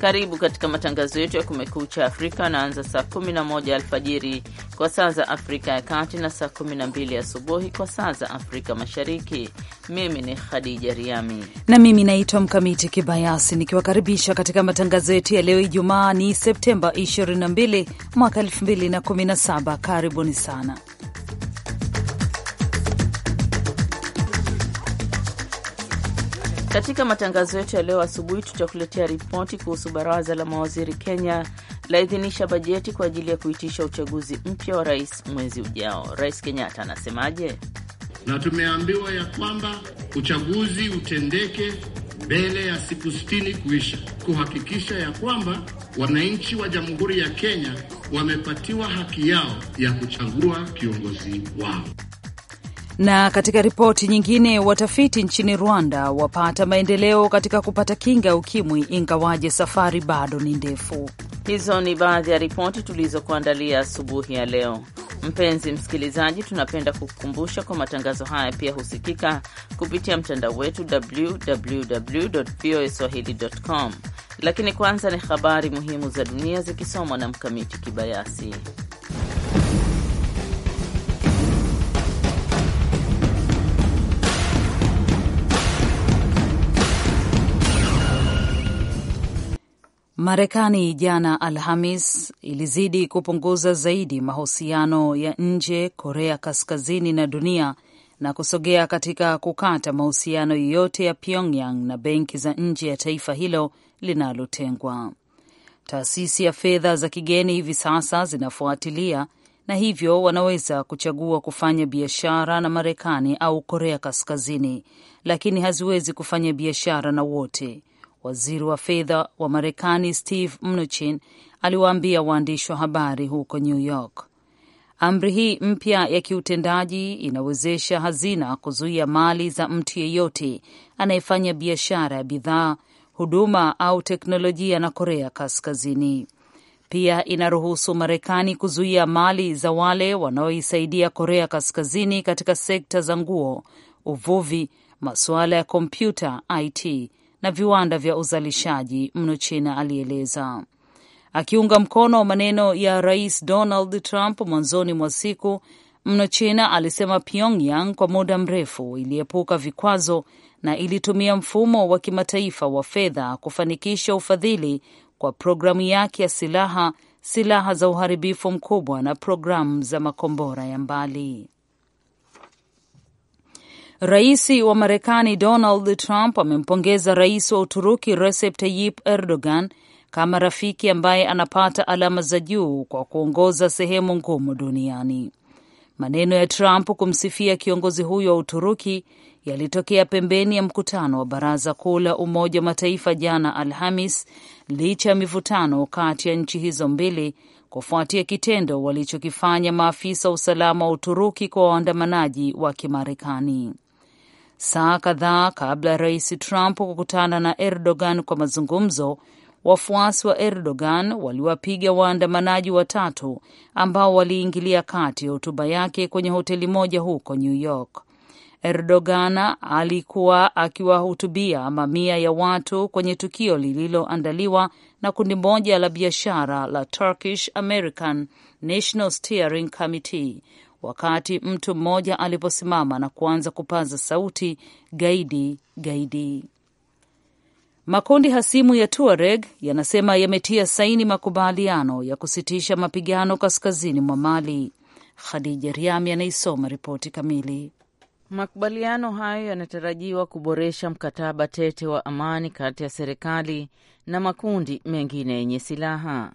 Karibu katika matangazo yetu ya Kumekucha Afrika anaanza saa 11 alfajiri kwa saa za Afrika ya Kati na saa 12 asubuhi kwa saa za Afrika Mashariki. Mimi ni Khadija Riami na mimi naitwa Mkamiti Kibayasi nikiwakaribisha katika matangazo yetu ya leo. Ijumaa ni Septemba 22 mwaka 2017. Karibuni sana Katika matangazo yetu ya leo asubuhi, tutakuletea ripoti kuhusu baraza la mawaziri Kenya laidhinisha bajeti kwa ajili ya kuitisha uchaguzi mpya wa rais mwezi ujao. Rais Kenyatta anasemaje? Na tumeambiwa ya kwamba uchaguzi utendeke mbele ya siku sitini kuisha, kuhakikisha ya kwamba wananchi wa Jamhuri ya Kenya wamepatiwa haki yao ya kuchagua kiongozi wao. Na katika ripoti nyingine, watafiti nchini Rwanda wapata maendeleo katika kupata kinga ya ukimwi, ingawaje safari bado ni ndefu. Hizo ni baadhi ya ripoti tulizokuandalia asubuhi ya leo. Mpenzi msikilizaji, tunapenda kukukumbusha kwa matangazo haya pia husikika kupitia mtandao wetu www voa swahili.com. Lakini kwanza ni habari muhimu za dunia zikisomwa na Mkamiti Kibayasi. Marekani jana Alhamis ilizidi kupunguza zaidi mahusiano ya nje Korea Kaskazini na dunia na kusogea katika kukata mahusiano yoyote ya Pyongyang na benki za nje ya taifa hilo linalotengwa. Taasisi ya fedha za kigeni hivi sasa zinafuatilia na hivyo wanaweza kuchagua kufanya biashara na Marekani au Korea Kaskazini, lakini haziwezi kufanya biashara na wote, Waziri wa fedha wa Marekani Steve Mnuchin aliwaambia waandishi wa habari huko New York. Amri hii mpya ya kiutendaji inawezesha hazina kuzuia mali za mtu yeyote anayefanya biashara ya bidhaa, huduma au teknolojia na Korea Kaskazini. Pia inaruhusu Marekani kuzuia mali za wale wanaoisaidia Korea Kaskazini katika sekta za nguo, uvuvi, masuala ya kompyuta, IT na viwanda vya uzalishaji mno, China alieleza, akiunga mkono maneno ya Rais Donald Trump mwanzoni mwa siku. Mno China alisema Pyongyang kwa muda mrefu iliepuka vikwazo na ilitumia mfumo wa kimataifa wa fedha kufanikisha ufadhili kwa programu yake ya silaha, silaha za uharibifu mkubwa na programu za makombora ya mbali. Rais wa Marekani Donald Trump amempongeza rais wa Uturuki Recep Tayyip Erdogan kama rafiki ambaye anapata alama za juu kwa kuongoza sehemu ngumu duniani. Maneno ya Trump kumsifia kiongozi huyo wa Uturuki yalitokea pembeni ya mkutano wa Baraza Kuu la Umoja wa Mataifa jana Alhamis, licha ya mivutano kati ya nchi hizo mbili kufuatia kitendo walichokifanya maafisa wa usalama wa Uturuki kwa waandamanaji wa Kimarekani saa kadhaa kabla ya rais Trump kukutana na Erdogan kwa mazungumzo. Wafuasi wa Erdogan waliwapiga waandamanaji watatu ambao waliingilia kati ya hotuba yake kwenye hoteli moja huko New York. Erdogan alikuwa akiwahutubia mamia ya watu kwenye tukio lililoandaliwa na kundi moja la biashara la Turkish American National Steering Committee wakati mtu mmoja aliposimama na kuanza kupaza sauti gaidi, gaidi. Makundi hasimu ya Tuareg yanasema yametia saini makubaliano ya kusitisha mapigano kaskazini mwa Mali. Khadija Riami anaisoma ripoti kamili. Makubaliano hayo yanatarajiwa kuboresha mkataba tete wa amani kati ya serikali na makundi mengine yenye silaha.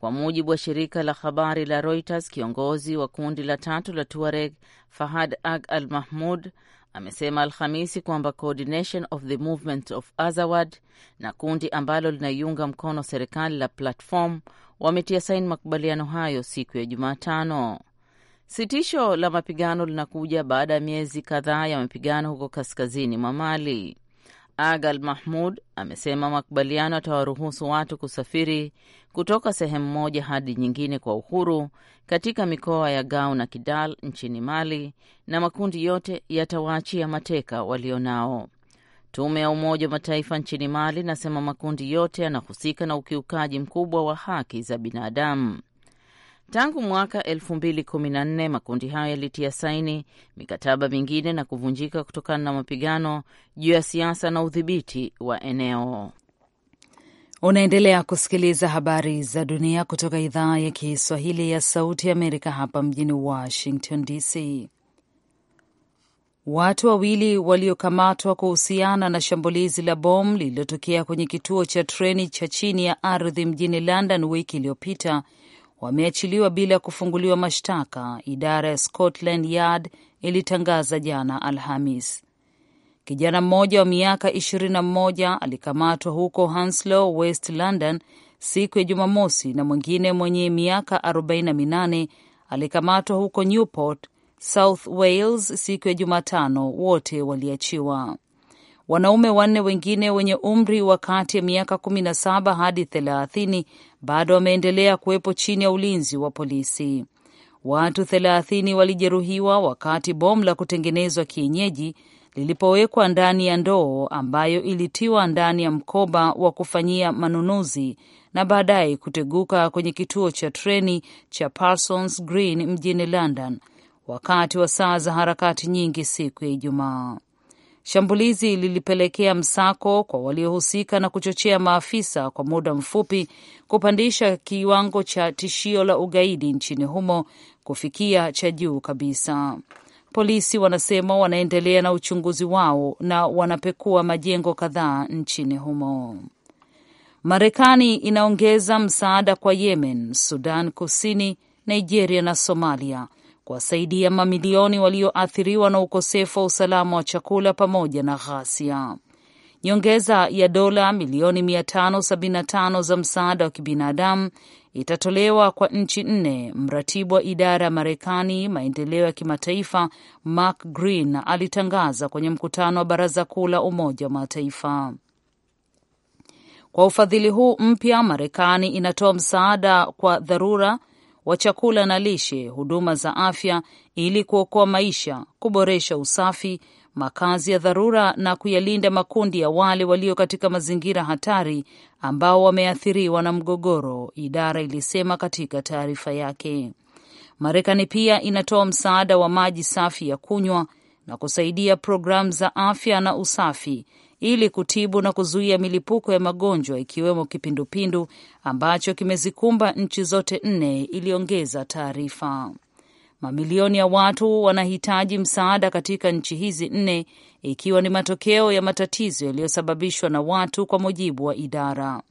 Kwa mujibu wa shirika la habari la Reuters, kiongozi wa kundi la tatu la Tuareg Fahad Ag al Mahmud amesema Alhamisi kwamba Coordination of the Movement of Azawad na kundi ambalo linaiunga mkono serikali la Platform wametia saini makubaliano hayo siku ya Jumatano. Sitisho la mapigano linakuja baada ya miezi kadhaa ya mapigano huko kaskazini mwa Mali. Agal Mahmud amesema makubaliano atawaruhusu watu kusafiri kutoka sehemu moja hadi nyingine kwa uhuru katika mikoa ya Gao na Kidal nchini Mali, na makundi yote yatawaachia mateka walionao. Tume ya Umoja wa Mataifa nchini Mali nasema makundi yote yanahusika na ukiukaji mkubwa wa haki za binadamu. Tangu mwaka 2014 makundi hayo yalitia saini mikataba mingine na kuvunjika kutokana na mapigano juu ya siasa na udhibiti wa eneo. Unaendelea kusikiliza habari za dunia kutoka idhaa ya Kiswahili ya Sauti ya Amerika hapa mjini Washington DC. Watu wawili waliokamatwa kuhusiana na shambulizi la bomu lililotokea kwenye kituo cha treni cha chini ya ardhi mjini London wiki iliyopita wameachiliwa bila kufunguliwa mashtaka, idara ya Scotland Yard ilitangaza jana Alhamis. Kijana mmoja wa miaka 21 alikamatwa huko Hounslow, West London siku ya Jumamosi na mwingine mwenye miaka 48 alikamatwa huko Newport, South Wales siku ya Jumatano. Wote waliachiwa. Wanaume wanne wengine wenye umri wa kati ya miaka kumi na saba hadi thelathini bado wameendelea kuwepo chini ya ulinzi wa polisi. Watu thelathini walijeruhiwa wakati bomu la kutengenezwa kienyeji lilipowekwa ndani ya ndoo ambayo ilitiwa ndani ya mkoba wa kufanyia manunuzi na baadaye kuteguka kwenye kituo cha treni cha Parsons Green mjini London wakati wa saa za harakati nyingi siku ya Ijumaa. Shambulizi lilipelekea msako kwa waliohusika na kuchochea maafisa kwa muda mfupi kupandisha kiwango cha tishio la ugaidi nchini humo kufikia cha juu kabisa. Polisi wanasema wanaendelea na uchunguzi wao na wanapekua majengo kadhaa nchini humo. Marekani inaongeza msaada kwa Yemen, Sudan Kusini, Nigeria na Somalia kuwasaidia mamilioni walioathiriwa na ukosefu wa usalama wa chakula pamoja na ghasia. Nyongeza ya dola milioni 575 za msaada wa kibinadamu itatolewa kwa nchi nne. Mratibu wa idara ya Marekani maendeleo ya kimataifa Mark Green alitangaza kwenye mkutano wa baraza kuu la Umoja wa Mataifa. Kwa ufadhili huu mpya, Marekani inatoa msaada kwa dharura wa chakula na lishe, huduma za afya ili kuokoa maisha, kuboresha usafi, makazi ya dharura na kuyalinda makundi ya wale walio katika mazingira hatari ambao wameathiriwa na mgogoro, idara ilisema katika taarifa yake. Marekani pia inatoa msaada wa maji safi ya kunywa na kusaidia programu za afya na usafi ili kutibu na kuzuia milipuko ya magonjwa ikiwemo kipindupindu ambacho kimezikumba nchi zote nne, iliongeza taarifa. Mamilioni ya watu wanahitaji msaada katika nchi hizi nne, ikiwa ni matokeo ya matatizo yaliyosababishwa na watu, kwa mujibu wa idara.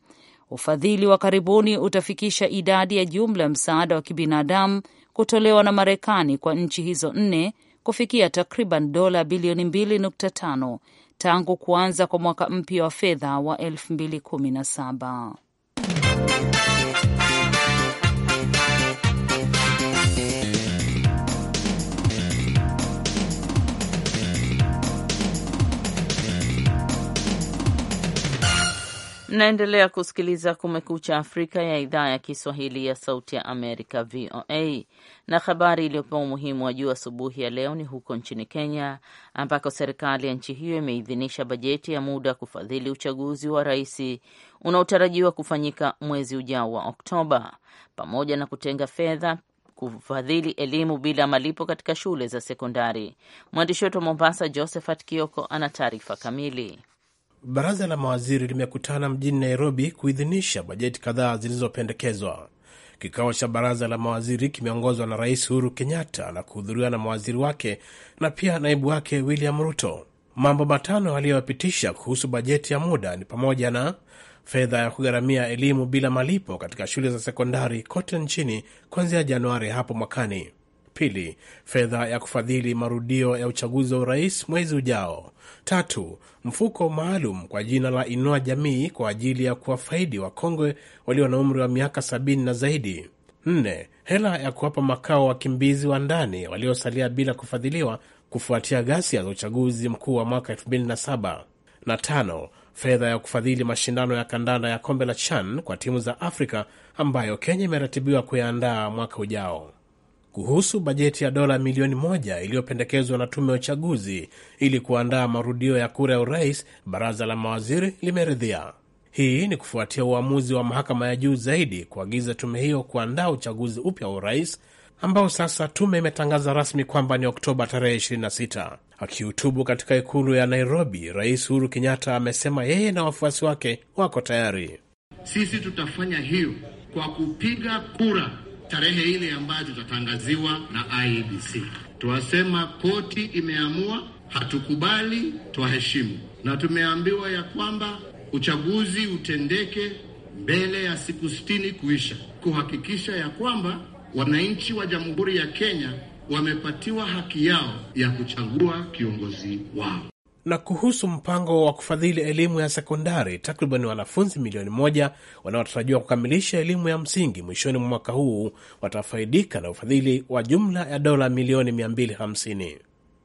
Ufadhili wa karibuni utafikisha idadi ya jumla ya msaada wa kibinadamu kutolewa na Marekani kwa nchi hizo nne kufikia takriban dola bilioni 2.5 tangu kuanza kwa mwaka mpya wa fedha wa saba Mnaendelea kusikiliza Kumekucha Afrika ya idhaa ya Kiswahili ya Sauti ya Amerika, VOA. Na habari iliyopewa umuhimu wa juu asubuhi ya leo ni huko nchini Kenya, ambako serikali ya nchi hiyo imeidhinisha bajeti ya muda kufadhili uchaguzi wa rais unaotarajiwa kufanyika mwezi ujao wa Oktoba, pamoja na kutenga fedha kufadhili elimu bila malipo katika shule za sekondari. Mwandishi wetu wa Mombasa, Josephat Kioko, ana taarifa kamili. Baraza la mawaziri limekutana mjini Nairobi kuidhinisha bajeti kadhaa zilizopendekezwa. Kikao cha baraza la mawaziri kimeongozwa na Rais Uhuru Kenyatta na kuhudhuriwa na mawaziri wake na pia naibu wake William Ruto. Mambo matano aliyoyapitisha kuhusu bajeti ya muda ni pamoja na fedha ya kugharamia elimu bila malipo katika shule za sekondari kote nchini kuanzia Januari hapo mwakani, Pili, fedha ya kufadhili marudio ya uchaguzi wa urais mwezi ujao. Tatu, mfuko maalum kwa jina la Inua Jamii kwa ajili ya kuwafaidi wakongwe walio na umri wa miaka sabini na zaidi. Nne, hela ya kuwapa makao wakimbizi wa ndani waliosalia bila kufadhiliwa kufuatia ghasia za uchaguzi mkuu wa mwaka saba Na tano, fedha ya kufadhili mashindano ya kandanda ya kombe la CHAN kwa timu za Afrika ambayo Kenya imeratibiwa kuyaandaa mwaka ujao kuhusu bajeti ya dola milioni moja iliyopendekezwa na tume ya uchaguzi ili kuandaa marudio ya kura ya urais, baraza la mawaziri limeridhia. Hii ni kufuatia uamuzi wa mahakama ya juu zaidi kuagiza tume hiyo kuandaa uchaguzi upya wa urais ambao sasa tume imetangaza rasmi kwamba ni Oktoba tarehe 26. Akihutubu katika ikulu ya Nairobi, Rais Uhuru Kenyatta amesema yeye na wafuasi wake wako tayari. Sisi tutafanya hiyo kwa kupiga kura tarehe ile ambayo tutatangaziwa na IEBC. Twasema koti imeamua, hatukubali, twaheshimu, na tumeambiwa ya kwamba uchaguzi utendeke mbele ya siku sitini kuisha, kuhakikisha ya kwamba wananchi wa Jamhuri ya Kenya wamepatiwa haki yao ya kuchagua kiongozi wao na kuhusu mpango wa kufadhili elimu ya sekondari, takriban wanafunzi milioni moja wanaotarajiwa kukamilisha elimu ya msingi mwishoni mwa mwaka huu watafaidika na ufadhili wa jumla ya dola milioni 250.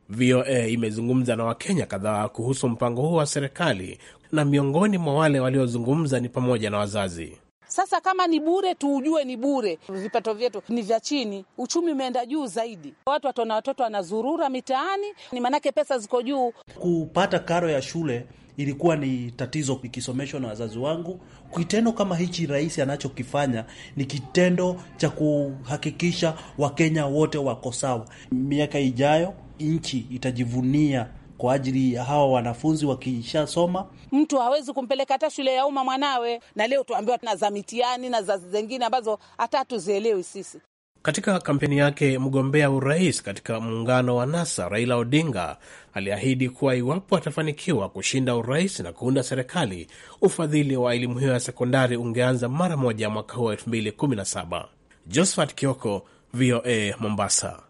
VOA imezungumza na Wakenya kadhaa kuhusu mpango huo wa serikali, na miongoni mwa wale waliozungumza ni pamoja na wazazi. Sasa kama ni bure, tuujue ni bure. Vipato vyetu ni vya chini, uchumi umeenda juu zaidi, watu watona watoto wanazurura mitaani, ni maanake pesa ziko juu. Kupata karo ya shule ilikuwa ni tatizo, ikisomeshwa na wazazi wangu. Kitendo kama hichi rais anachokifanya ni kitendo cha kuhakikisha Wakenya wote wako sawa. Miaka ijayo nchi itajivunia kwa ajili ya hawa wanafunzi wakishasoma. Mtu hawezi kumpeleka hata shule ya umma mwanawe, na leo tuambiwa na za mitihani na za zengine ambazo hata hatuzielewi sisi. Katika kampeni yake mgombea urais katika muungano wa NASA Raila Odinga aliahidi kuwa iwapo atafanikiwa kushinda urais na kuunda serikali, ufadhili wa elimu hiyo ya sekondari ungeanza mara moja mwaka huu 2017. Josephat Kioko, VOA, Mombasa.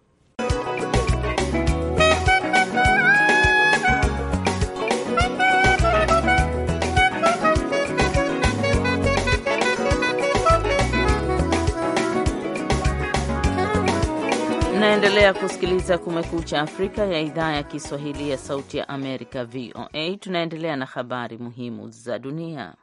Unaendelea kusikiliza Kumekucha Afrika ya idhaa ya Kiswahili ya Sauti ya Amerika, VOA. Tunaendelea na habari muhimu za dunia.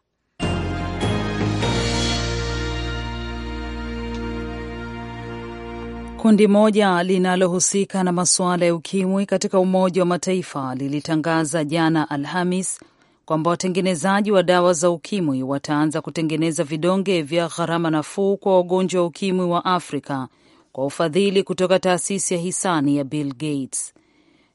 Kundi moja linalohusika na masuala ya ukimwi katika Umoja wa Mataifa lilitangaza jana Alhamis kwamba watengenezaji wa dawa za ukimwi wataanza kutengeneza vidonge vya gharama nafuu kwa wagonjwa wa ukimwi wa Afrika kwa ufadhili kutoka taasisi ya hisani ya Bill Gates.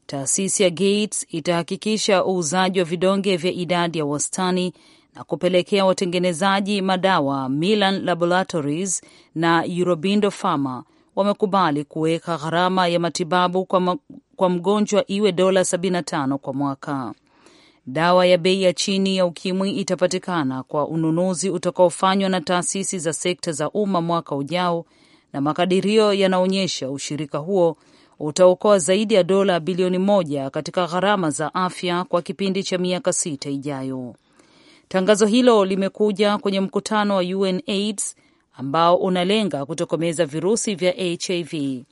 Taasisi ya Gates itahakikisha uuzaji wa vidonge vya idadi ya wastani na kupelekea watengenezaji madawa Milan Laboratories na Eurobindo Pharma wamekubali kuweka gharama ya matibabu kwa, kwa mgonjwa iwe dola 75 kwa mwaka. Dawa ya bei ya chini ya ukimwi itapatikana kwa ununuzi utakaofanywa na taasisi za sekta za umma mwaka ujao na makadirio yanaonyesha ushirika huo utaokoa zaidi ya dola bilioni moja katika gharama za afya kwa kipindi cha miaka sita ijayo. Tangazo hilo limekuja kwenye mkutano wa UNAIDS ambao unalenga kutokomeza virusi vya HIV.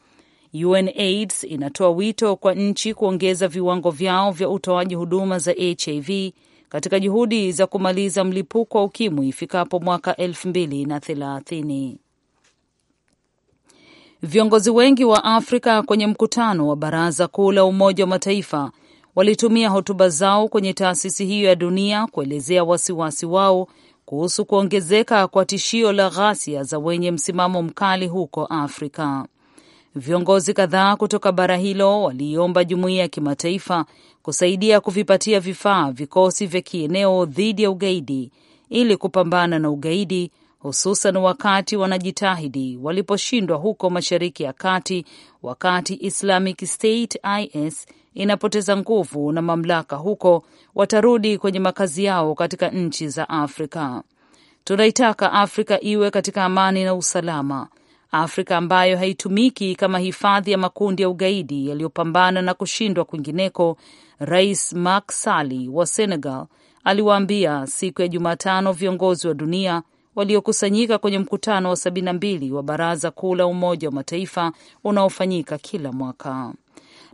UNAIDS inatoa wito kwa nchi kuongeza viwango vyao vya utoaji huduma za HIV katika juhudi za kumaliza mlipuko wa ukimwi ifikapo mwaka 2030. Viongozi wengi wa Afrika kwenye mkutano wa Baraza Kuu la Umoja wa Mataifa walitumia hotuba zao kwenye taasisi hiyo ya dunia kuelezea wasiwasi wao kuhusu kuongezeka kwa tishio la ghasia za wenye msimamo mkali huko Afrika. Viongozi kadhaa kutoka bara hilo waliiomba jumuiya ya kimataifa kusaidia kuvipatia vifaa vikosi vya kieneo dhidi ya ugaidi ili kupambana na ugaidi hususan wakati wanajitahidi waliposhindwa huko Mashariki ya Kati, wakati Islamic State IS inapoteza nguvu na mamlaka huko, watarudi kwenye makazi yao katika nchi za Afrika. Tunaitaka Afrika iwe katika amani na usalama, Afrika ambayo haitumiki kama hifadhi ya makundi ya ugaidi yaliyopambana na kushindwa kwingineko, Rais Macky Sall wa Senegal aliwaambia siku ya Jumatano viongozi wa dunia waliokusanyika kwenye mkutano wa mbili wa Baraza Kuu la Umoja wa Mataifa unaofanyika kila mwaka.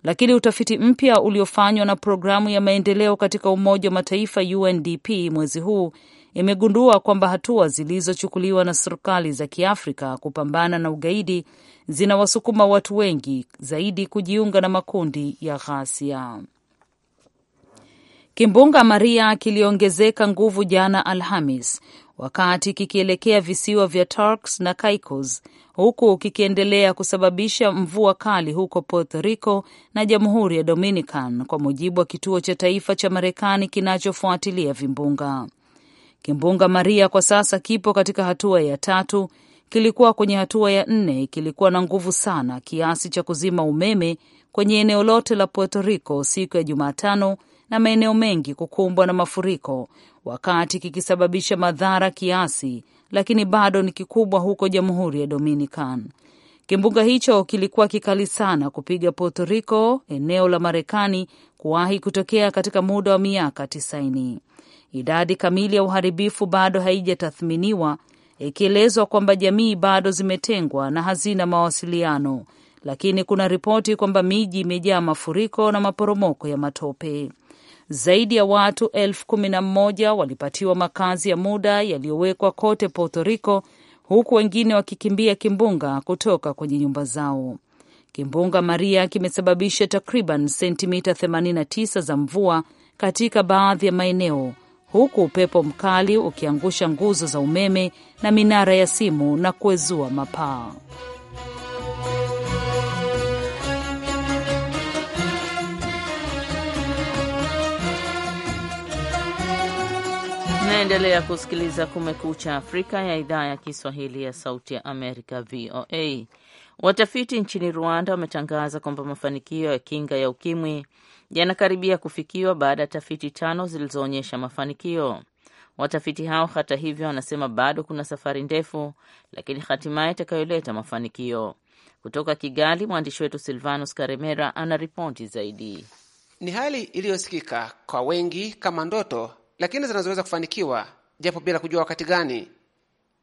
Lakini utafiti mpya uliofanywa na programu ya maendeleo katika Umoja wa Mataifa UNDP mwezi huu imegundua kwamba hatua zilizochukuliwa na serikali za Kiafrika kupambana na ugaidi zinawasukuma watu wengi zaidi kujiunga na makundi ya ghasia. Kimbunga Maria kiliongezeka nguvu jana Alhamis wakati kikielekea visiwa vya Turks na Caicos huku kikiendelea kusababisha mvua kali huko Puerto Rico na Jamhuri ya Dominican, kwa mujibu wa kituo cha taifa cha Marekani kinachofuatilia vimbunga. Kimbunga Maria kwa sasa kipo katika hatua ya tatu. Kilikuwa kwenye hatua ya nne, kilikuwa na nguvu sana kiasi cha kuzima umeme kwenye eneo lote la Puerto Rico siku ya Jumatano na maeneo mengi kukumbwa na mafuriko, wakati kikisababisha madhara kiasi, lakini bado ni kikubwa huko Jamhuri ya Dominican. Kimbunga hicho kilikuwa kikali sana kupiga Puerto Rico, eneo la Marekani kuwahi kutokea katika muda wa miaka tisaini Idadi kamili ya uharibifu bado haijatathminiwa, ikielezwa kwamba jamii bado zimetengwa na hazina mawasiliano, lakini kuna ripoti kwamba miji imejaa mafuriko na maporomoko ya matope. Zaidi ya watu elfu kumi na mmoja walipatiwa makazi ya muda yaliyowekwa kote Puerto Rico, huku wengine wakikimbia kimbunga kutoka kwenye nyumba zao. Kimbunga Maria kimesababisha takriban sentimita 89 za mvua katika baadhi ya maeneo, huku upepo mkali ukiangusha nguzo za umeme na minara ya simu na kuezua mapaa. Mnaendelea kusikiliza Kumekucha Afrika ya idhaa ya Kiswahili ya Sauti ya Amerika, VOA. Watafiti nchini Rwanda wametangaza kwamba mafanikio ya kinga ya ukimwi yanakaribia kufikiwa baada ya tafiti tano zilizoonyesha mafanikio. Watafiti hao hata hivyo, wanasema bado kuna safari ndefu, lakini hatimaye itakayoleta mafanikio. Kutoka Kigali, mwandishi wetu Silvanus Karemera ana ripoti zaidi. Ni hali iliyosikika kwa wengi kama ndoto lakini zinazoweza kufanikiwa japo bila kujua wakati gani.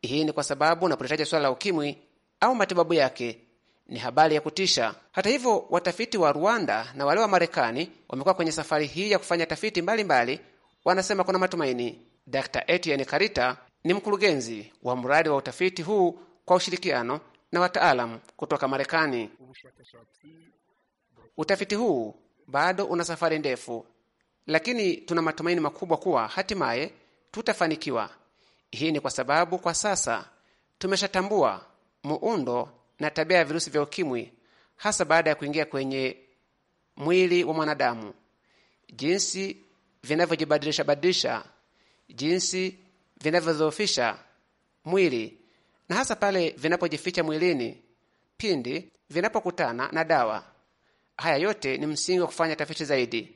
Hii ni kwa sababu unapotaja swala la ukimwi au matibabu yake ni habari ya kutisha. Hata hivyo, watafiti wa Rwanda na wale wa Marekani wamekuwa kwenye safari hii ya kufanya tafiti mbalimbali mbali, wanasema kuna matumaini. Dr. Etienne Karita ni mkurugenzi wa mradi wa utafiti huu kwa ushirikiano na wataalamu kutoka Marekani. Utafiti huu bado una safari ndefu lakini tuna matumaini makubwa kuwa hatimaye tutafanikiwa. Hii ni kwa sababu kwa sasa tumeshatambua muundo na tabia ya virusi vya ukimwi, hasa baada ya kuingia kwenye mwili wa mwanadamu, jinsi vinavyojibadilisha badilisha, jinsi vinavyodhoofisha mwili na hasa pale vinapojificha mwilini pindi vinapokutana na dawa. Haya yote ni msingi wa kufanya tafiti zaidi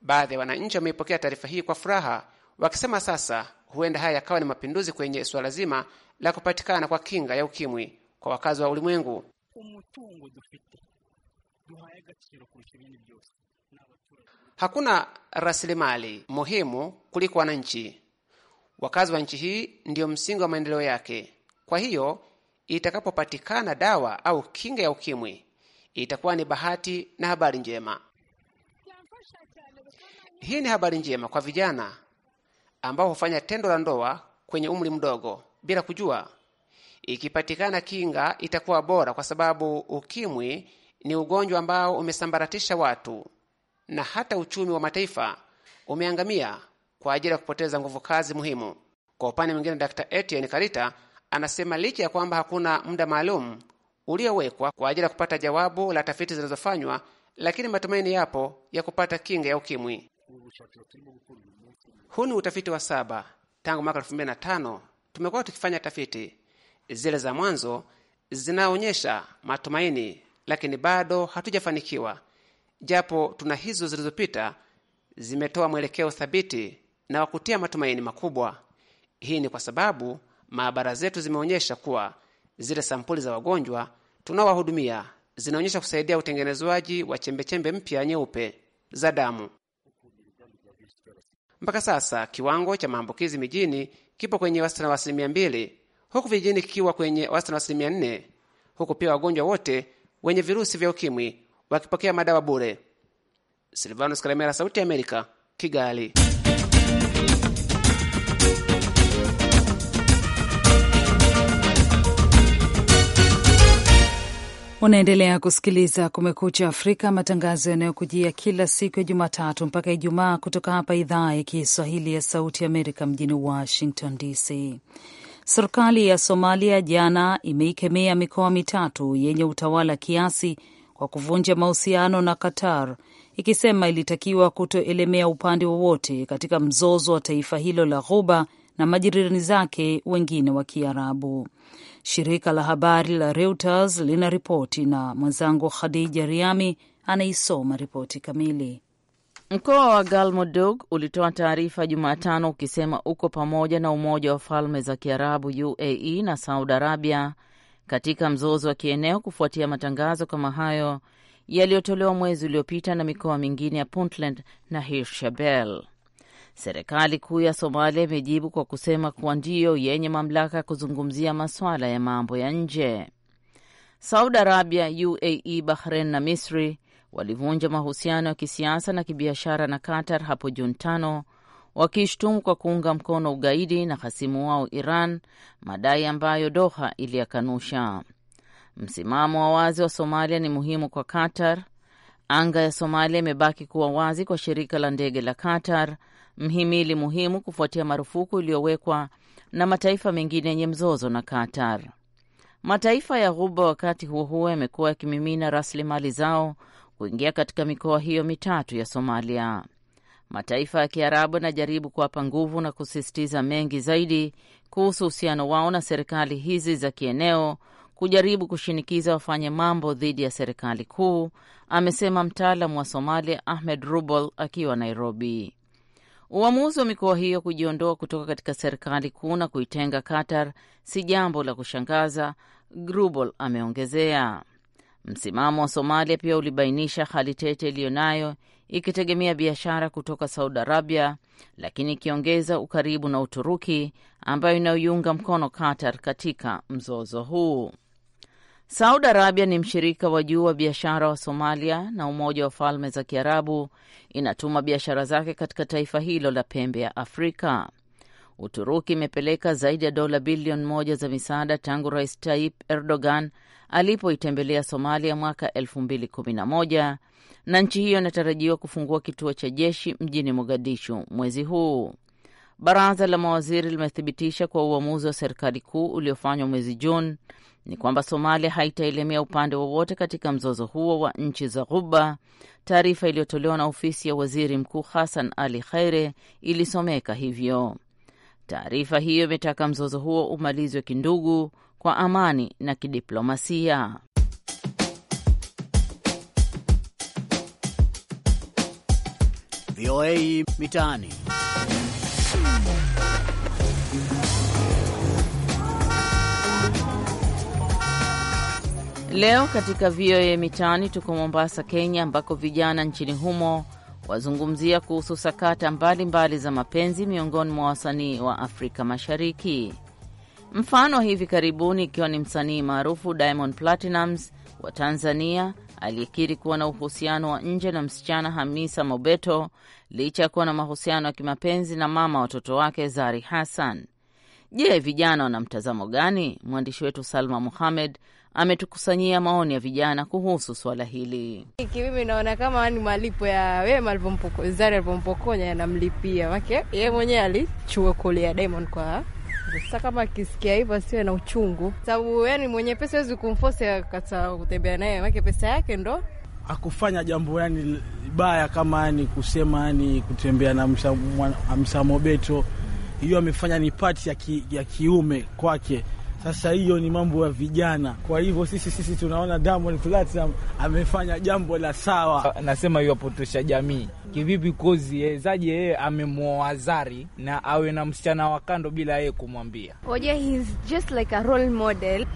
Baadhi ya wananchi wameipokea taarifa hii kwa furaha, wakisema sasa huenda haya yakawa ni mapinduzi kwenye suala zima la kupatikana kwa kinga ya ukimwi kwa wakazi wa ulimwengu. Hakuna rasilimali muhimu kuliko wananchi. Wakazi wa nchi hii ndiyo msingi wa maendeleo yake. Kwa hiyo itakapopatikana dawa au kinga ya ukimwi itakuwa ni bahati na habari njema. Hii ni habari njema kwa vijana ambao hufanya tendo la ndoa kwenye umri mdogo bila kujua. Ikipatikana kinga, itakuwa bora, kwa sababu ukimwi ni ugonjwa ambao umesambaratisha watu na hata uchumi wa mataifa umeangamia kwa ajili ya kupoteza nguvu kazi muhimu. Kwa upande mwingine, Dr. Etienne Karita anasema licha ya kwamba hakuna muda maalum uliowekwa kwa ajili ya kupata jawabu la tafiti zinazofanywa lakini matumaini yapo ya kupata kinga ya ukimwi. Huu ni utafiti wa saba tangu mwaka elfu mbili na tano. Tumekuwa tukifanya tafiti, zile za mwanzo zinaonyesha matumaini, lakini bado hatujafanikiwa, japo tuna hizo zilizopita zimetoa mwelekeo thabiti na wakutia matumaini makubwa. Hii ni kwa sababu maabara zetu zimeonyesha kuwa zile sampuli za wagonjwa tunaowahudumia zinaonyesha kusaidia utengenezwaji wa chembechembe mpya nyeupe za damu. Mpaka sasa kiwango cha maambukizi mijini kipo kwenye wastani wa asilimia mbili huku vijijini kikiwa kwenye wastani wa asilimia nne huku pia wagonjwa wote wenye virusi vya ukimwi wakipokea madawa bure. Silvanus Kalemera, Sauti ya Amerika, Kigali. Unaendelea kusikiliza Kumekucha Afrika, matangazo yanayokujia kila siku ya Jumatatu mpaka Ijumaa kutoka hapa idhaa ya Kiswahili ya Sauti Amerika mjini Washington DC. Serikali ya Somalia jana imeikemea mikoa mitatu yenye utawala kiasi kwa kuvunja mahusiano na Qatar, ikisema ilitakiwa kutoelemea upande wowote katika mzozo wa taifa hilo la Ghuba na majirani zake wengine wa Kiarabu shirika la habari la Reuters ripoti na mwenzangu Khadija Riami anaisoma ripoti kamili. Mkoa wa galmodug ulitoa taarifa Jumatano ukisema uko pamoja na Umoja wa Falme za Kiarabu UAE na Saudi Arabia katika mzozo wa kieneo kufuatia matangazo kama hayo yaliyotolewa mwezi uliopita na mikoa mingine ya Puntland na Hirshabelle. Serikali kuu ya Somalia imejibu kwa kusema kuwa ndiyo yenye mamlaka ya kuzungumzia masuala ya mambo ya nje. Saudi Arabia, UAE, Bahrain na Misri walivunja mahusiano ya kisiasa na kibiashara na Qatar hapo Juni tano wakishutumu kwa kuunga mkono ugaidi na hasimu wao Iran, madai ambayo Doha iliyakanusha. Msimamo wa wazi wa Somalia ni muhimu kwa Qatar. Anga ya Somalia imebaki kuwa wazi kwa shirika la ndege la Qatar mhimili muhimu kufuatia marufuku iliyowekwa na mataifa mengine yenye mzozo na Qatar. Mataifa ya Ghuba wakati huo huo yamekuwa yakimimina rasilimali zao kuingia katika mikoa hiyo mitatu ya Somalia. Mataifa ya Kiarabu yanajaribu kuwapa nguvu na kusisitiza mengi zaidi kuhusu uhusiano wao na serikali hizi za kieneo, kujaribu kushinikiza wafanye mambo dhidi ya serikali kuu, amesema mtaalamu wa Somalia Ahmed Rubal akiwa Nairobi. Uamuzi wa mikoa hiyo kujiondoa kutoka katika serikali kuu na kuitenga Qatar si jambo la kushangaza, Grubel ameongezea. Msimamo wa Somalia pia ulibainisha hali tete iliyo nayo ikitegemea biashara kutoka Saudi Arabia, lakini ikiongeza ukaribu na Uturuki ambayo inayoiunga mkono Qatar katika mzozo huu. Saudi Arabia ni mshirika wa juu wa biashara wa Somalia na Umoja wa Falme za Kiarabu inatuma biashara zake katika taifa hilo la pembe ya Afrika. Uturuki imepeleka zaidi ya dola bilioni moja za misaada tangu Rais Tayyip Erdogan alipoitembelea Somalia mwaka 2011 na nchi hiyo inatarajiwa kufungua kituo cha jeshi mjini Mogadishu mwezi huu. Baraza la mawaziri limethibitisha kwa uamuzi wa serikali kuu uliofanywa mwezi Juni ni kwamba Somalia haitaelemea upande wowote katika mzozo huo wa nchi za Ghuba. Taarifa iliyotolewa na ofisi ya waziri mkuu Hassan Ali Khaire ilisomeka hivyo. Taarifa hiyo imetaka mzozo huo umalizwe kindugu, kwa amani na kidiplomasia. VOA Mitaani. Leo katika VOA Mitaani tuko Mombasa, Kenya, ambako vijana nchini humo wazungumzia kuhusu sakata mbalimbali mbali za mapenzi miongoni mwa wasanii wa Afrika Mashariki. Mfano hivi karibuni ikiwa ni msanii maarufu Diamond Platinums wa Tanzania aliyekiri kuwa na uhusiano wa nje na msichana Hamisa Mobeto licha ya kuwa na mahusiano ya kimapenzi na mama watoto wake Zari Hassan. Je, vijana wana mtazamo gani? Mwandishi wetu Salma Muhamed ametukusanyia maoni ya vijana kuhusu swala hili. Mimi naona kama ni malipo ya wema Zari alivyompokonya yanamlipia make ye mwenyewe alichuokolea Diamond kwa sasa kama akisikia hivyo asiwe na uchungu, sababu yani mwenye pesa wezi kumforce kata kutembea naye, make pesa yake ndo akufanya jambo yani baya, kama yani kusema yani kutembea na Amsamobeto, hiyo amefanya ni pati ya, ki, ya kiume kwake sasa hiyo ni mambo ya vijana. Kwa hivyo sisi sisi tunaona Diamond Platinum amefanya jambo la sawa, ah, Nasema iwapotosha jamii kivipi? Kozi yezaje eh, yeye eh, amemwoa Zari na awe na msichana wa kando bila yeye kumwambia? Oja, he just like a role model.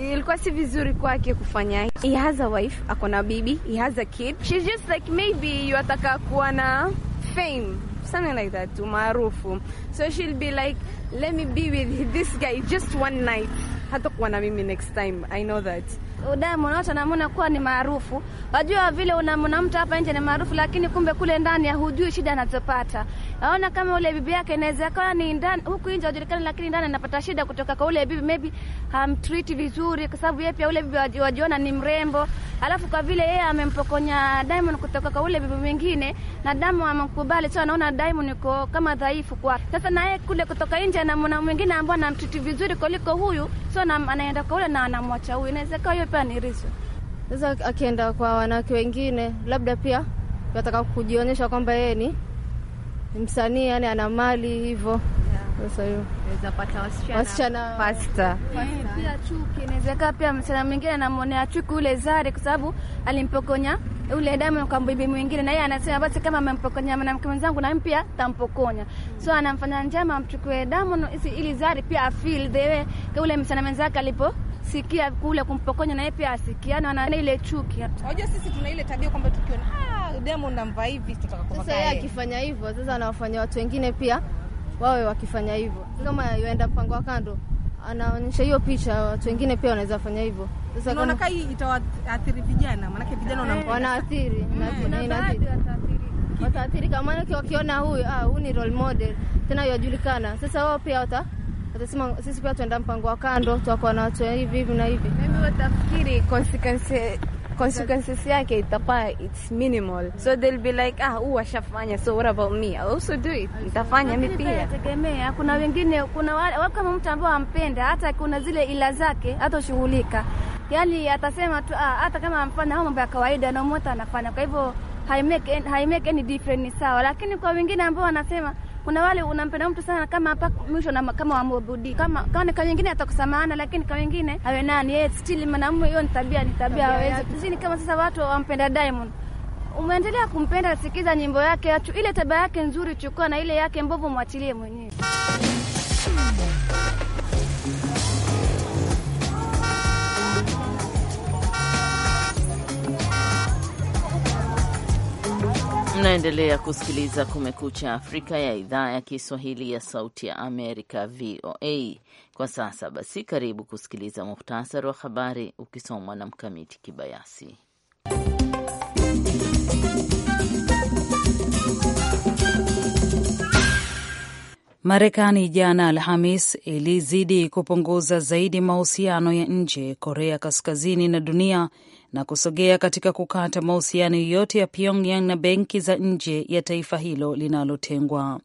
Ilikuwa si vizuri kwake kufanya. He has a wife, ako na bibi, he has a kid. She's just like maybe yuataka kuwa na fame, something like that, umaarufu. So she'll be like let me be with this guy just one night. Hatakuwa na mimi next time. I know that. Diamond watu wanamuona kuwa ni maarufu. Wajua vile unamuona mtu hapa nje ni maarufu, lakini kumbe kule ndani hujui shida anazopata. Naona kama ule bibi yake inaweza kuwa ni ndani huku nje hajulikani, lakini ndani anapata shida kutoka kwa ule bibi, maybe hamtreat vizuri, kwa sababu yeye pia ule bibi wajiona ni mrembo, alafu kwa vile yeye amempokonya Diamond kutoka kwa ule bibi mwingine na Diamond amkubali, sio anaona Diamond yuko kama dhaifu kwa sasa, na yeye kule kutoka nje anamuona mwingine ambaye anamtreat vizuri kuliko huyu so anaenda kwa ule na anamwacha huyu, inawezekana hiyo pia ni rizo. Sasa akienda kwa wanawake wengine, labda pia wataka kujionyesha kwamba yeye ni msanii, yani ana mali hivyo. Sasa hiyo wasichana pasta eh, pia chuki inawezekana, pia msichana mwingine anamwonea chuki ule Zari kwa sababu alimpokonya ule Diamond kwa bibi mwingine, na yeye anasema basi kama amempokonya mwanamke mwenzangu na mimi pia tampokonya, so anamfanya njama amchukue Diamond ili Zari pia afeel the way ule msichana mwenzake alipo sikia kule kumpokonya na yeye pia asikiana na ile chuki. Unajua sisi tuna ile tabia kwamba tukiona ah, Diamond namva hivi, tutataka kumkaya. Sasa yeye akifanya hivyo, sasa anawafanya watu wengine pia wawe wakifanya hivyo. Kama yuenda mpango wa kando anaonyesha hiyo picha, watu wengine pia wanaweza fanya hivyo. Sasa unaona kama hii itawaathiri vijana, maana vijana eh, wanaathiri, mm. inaathiri wataathirika, maana wakiona huyu ah, huyu ni role model tena yajulikana, sasa wao pia wata watasema sisi pia tuenda mpango wa kando, tutakuwa na watu hivi hivi na hivi, Mimi watafikiri consequences consequences yake itakuwa it's minimal, so they'll be like ah, huu washafanya, so what about me, I'll also do it, nitafanya mi pia. tegemea kuna wengine, kuna wao kama mtu ambao ampenda hata kuna zile ila zake hata ushughulika, yani atasema tu ah, hata kama amfanya hao mambo ya kawaida na mtu anafanya, kwa hivyo haimake haimake any difference, ni sawa, lakini kwa wengine ambao wanasema kuna wale unampenda mtu sana kama hapa mwisho na kama wamwabudi kama kama kwa wengine atakosa lakini kwa wengine awe nani yeye still mwanamume. Hiyo ni tabia, ni tabia hawezi kuzini. Kama sasa watu wampenda Diamond umeendelea kumpenda, sikiza nyimbo yake, ile tabia yake nzuri chukua, na ile yake mbovu mwachilie mwenyewe. Mnaendelea kusikiliza Kumekucha Afrika ya idhaa ya Kiswahili ya Sauti ya Amerika, VOA. Kwa sasa basi, karibu kusikiliza muhtasari wa habari ukisomwa na Mkamiti Kibayasi. Marekani jana Alhamis ilizidi kupunguza zaidi mahusiano ya nje Korea Kaskazini na dunia na kusogea katika kukata mahusiano yote ya Pyongyang na benki za nje ya taifa hilo linalotengwa.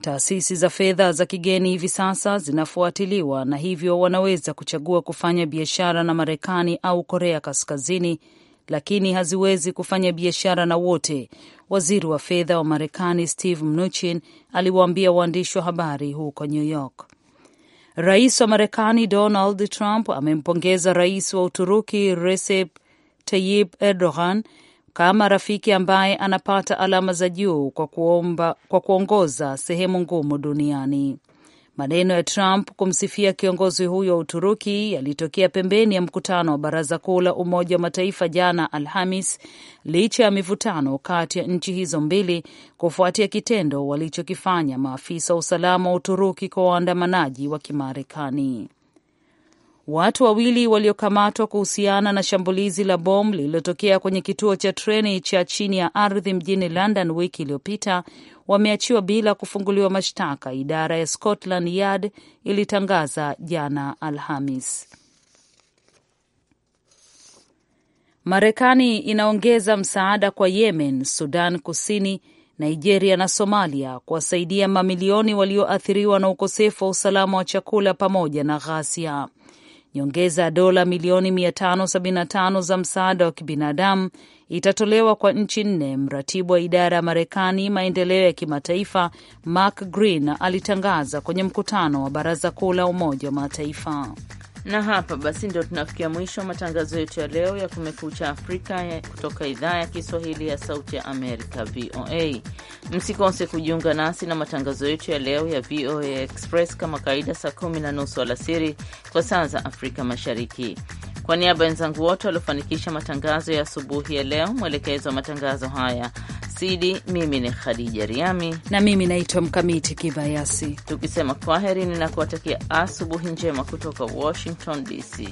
Taasisi za fedha za kigeni hivi sasa zinafuatiliwa na hivyo wanaweza kuchagua kufanya biashara na Marekani au Korea Kaskazini, lakini haziwezi kufanya biashara na wote, waziri wa fedha wa Marekani Steve Mnuchin aliwaambia waandishi wa habari huko New York. Rais wa Marekani Donald Trump amempongeza rais wa Uturuki Recep Tayyip Erdogan kama rafiki ambaye anapata alama za juu kwa kuomba, kwa kuongoza sehemu ngumu duniani. Maneno ya Trump kumsifia kiongozi huyo wa Uturuki yalitokea pembeni ya mkutano wa Baraza Kuu la Umoja wa Mataifa jana Alhamis, licha ya mivutano kati ya nchi hizo mbili kufuatia kitendo walichokifanya maafisa wa usalama wa Uturuki kwa waandamanaji wa Kimarekani. Watu wawili waliokamatwa kuhusiana na shambulizi la bomu lililotokea kwenye kituo cha treni cha chini ya ardhi mjini London wiki iliyopita wameachiwa bila kufunguliwa mashtaka, idara ya Scotland Yard ilitangaza jana Alhamis. Marekani inaongeza msaada kwa Yemen, Sudan Kusini, Nigeria na Somalia kuwasaidia mamilioni walioathiriwa na ukosefu wa usalama wa chakula pamoja na ghasia. Nyongeza ya dola milioni 575 za msaada wa kibinadamu itatolewa kwa nchi nne. Mratibu wa idara ya Marekani maendeleo ya kimataifa Mark Green alitangaza kwenye mkutano wa baraza kuu la Umoja wa Mataifa. Na hapa basi ndio tunafikia mwisho wa matangazo yetu ya leo ya Kumekucha Afrika ya kutoka idhaa ya Kiswahili ya Sauti ya Amerika, VOA. Msikose kujiunga nasi na matangazo yetu ya leo ya VOA Express kama kawaida, saa kumi na nusu alasiri kwa saa za Afrika Mashariki. Kwa niaba ya wenzangu wote waliofanikisha matangazo ya asubuhi ya leo, mwelekezo wa matangazo haya Sidi, mimi ni Khadija Riami na mimi naitwa Mkamiti Kibayasi, tukisema kwaheri ninakuwatakia asubuhi njema kutoka Washington DC.